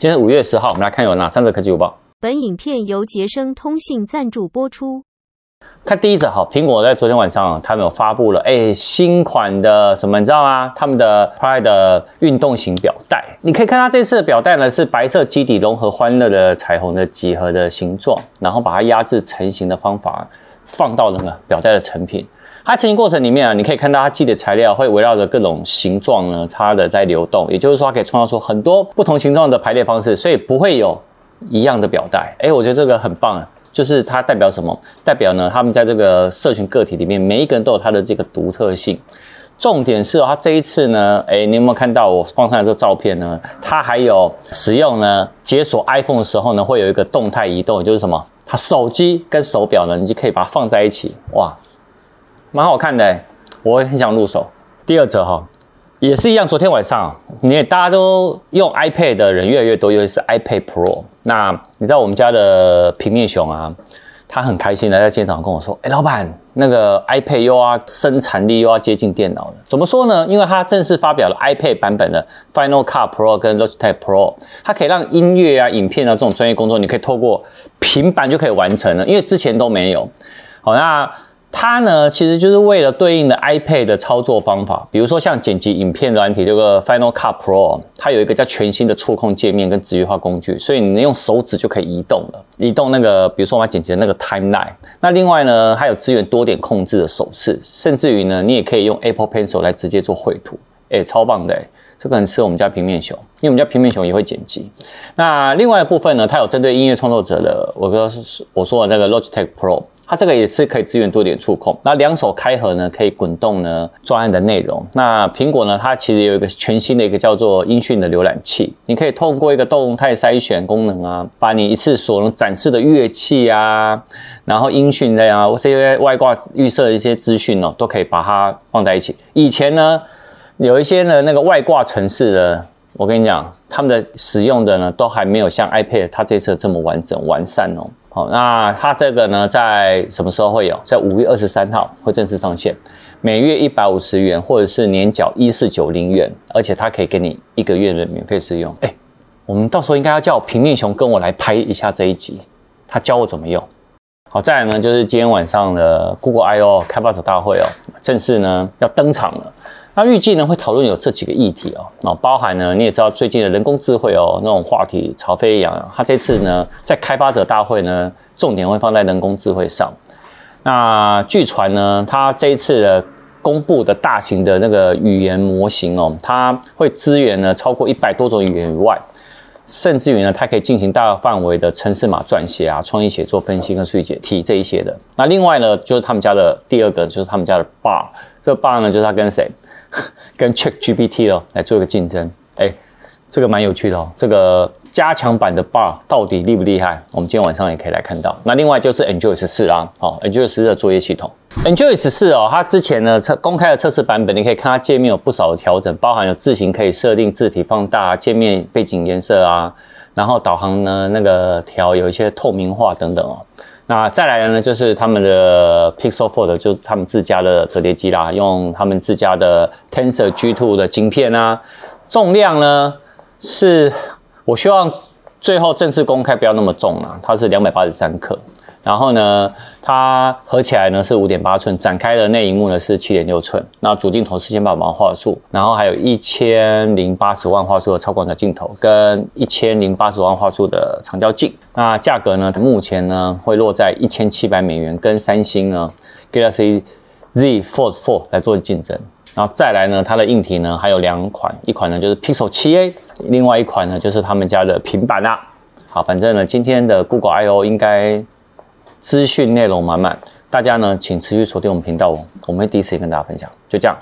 今天五月十號，我們來看有哪三個科技午報。本影片由傑生通信贊助播出。看第一者哈，蘋果在昨天晚上他們有發布了哎新款的什麼，你知道嗎？他們的 Pride 的運動型表帶，你可以看它這次的表帶呢是白色基底融合歡樂的彩虹的幾何的形狀，然後把它壓製成型的方法放到那個表帶的成品。它成型過程裡面啊，你可以看到它擠的材料會圍繞着各種形狀呢，它的在流動，也就是說它可以創造出很多不同形狀的排列方式，所以不會有一樣的錶帶。哎、欸，我覺得這個很棒，啊，就是它代表什麼？代表呢？他們在這個社群個體裡面，每一個人都有它的這個獨特性。重點是、哦、它這一次呢，哎、欸，你有沒有看到我放上來這照片呢？它還有使用呢，解鎖 iPhone 的時候呢，會有一個動態移動，就是什麼？它手機跟手錶呢，你就可以把它放在一起，哇！.蠻好看的，我很想入手。第二則，哈，也是一樣。昨天晚上，你大家都用 iPad 的人越來越多，尤其是 iPad Pro。那你知道我們家的平面熊啊，他很開心的在現場跟我說：“哎、欸，老板，那個 iPad 又要生產力又要接近電腦了，怎麼說呢？因為他正式發表了 iPad 版本的 Final Cut Pro 跟 Logic Pro，它可以讓音樂啊、影片啊這種專業工作，你可以透過平板就可以完成了，因為之前都沒有。好，那。它呢，其實就是為了對應的 iPad 的操作方法，比如說像剪輯影片軟體這個 Final Cut Pro，它有一個叫全新的觸控界面、跟直覺化工具，所以你能用手指就可以移動了，移動那個比如說我們剪輯的那個 Timeline。那另外呢，還有支援多點控制的手勢，甚至於呢，你也可以用 Apple Pencil 來直接做繪圖，誒、欸，超棒的、欸。這個很適合我們家平面熊，因為我們家平面熊也會剪輯。那另外一部分呢，它有針對音樂創作者的，我說是我說的那個 Logic Pro，它這個也是可以支援多點觸控。那兩手開合呢，可以滾動呢，專案的內容。那蘋果呢，它其實有一個全新的一個叫做音訊的瀏覽器，你可以透過一個動態篩選功能啊，把你一次所能展示的樂器啊，然後音訊類啊，這些外掛預設的一些資訊呢、哦，都可以把它放在一起。以前呢。有一些呢，那個外掛程式的，我跟你講，他們的使用的呢，都還沒有像 iPad 它這次這麼完整完善哦。好，那它這個呢，在什麼時候會有？在五月二十三號會正式上線，每月一百五十元，或者是年繳一四九零元，而且它可以給你一個月的免費試用。哎，我們到時候應該要叫平面熊跟我來拍一下這一集，他教我怎麼用。好，再來呢，就是今天晚上的 Google I/O 開發者大會哦，正式呢要登場了。那預計呢會討論有這幾個議題哦，哦包含呢你也知道最近的人工智慧哦那種話題曹飛揚，他這次呢在開發者大會呢重點會放在人工智慧上。那據傳呢他這一次的公布的大型的那個語言模型哦，它會支援呢超過一百多種語言以外，甚至於呢它可以進行大範圍的程式碼撰寫啊、創意寫作分析跟數據解題這一些的。那另外呢就是他們家的第二個就是他們家的 Bard，這 Bard 呢就是他跟誰？跟 Chat GPT 哦，來做一個競爭，誒這個蠻有趣的哦。這個加強版的 Bard 到底厲不厲害？我們今天晚上也可以來看到。那另外就是 Android 14啊，哦，Android 14的作業系統，Android 14哦，它之前呢測公開的測試版本，你可以看它界面，有不少的調整，包含有字型可以設定字體放大啊，界面背景顏色啊，然後導航呢那個條有一些透明化等等哦。那再來呢，就是他們的 Pixel Fold，就是他們自家的折疊機啦，用他們自家的 Tensor G2 的晶片啊，重量呢是，我希望最後正式公開不要那麼重啦，它是兩百八十三克，然後呢。它合起來呢是五點八寸，展開的內螢幕呢是七點六寸。那主鏡頭四千八百萬畫素，然後還有一千零八十萬畫素的超廣角鏡頭跟一千零八十萬畫素的長焦鏡。那價格呢，目前呢會落在一千七百美元，跟三星呢 Galaxy Z Fold Four 來做競爭。然後再來呢，它的硬體呢還有兩款，一款呢就是 Pixel 7A，另外一款呢就是他們家的平板啦、啊。好，反正呢今天的 Google I/O 應該。資訊內容滿滿，大家呢請持續鎖定我們頻道哦，我們會第一時間跟大家分享，就這樣。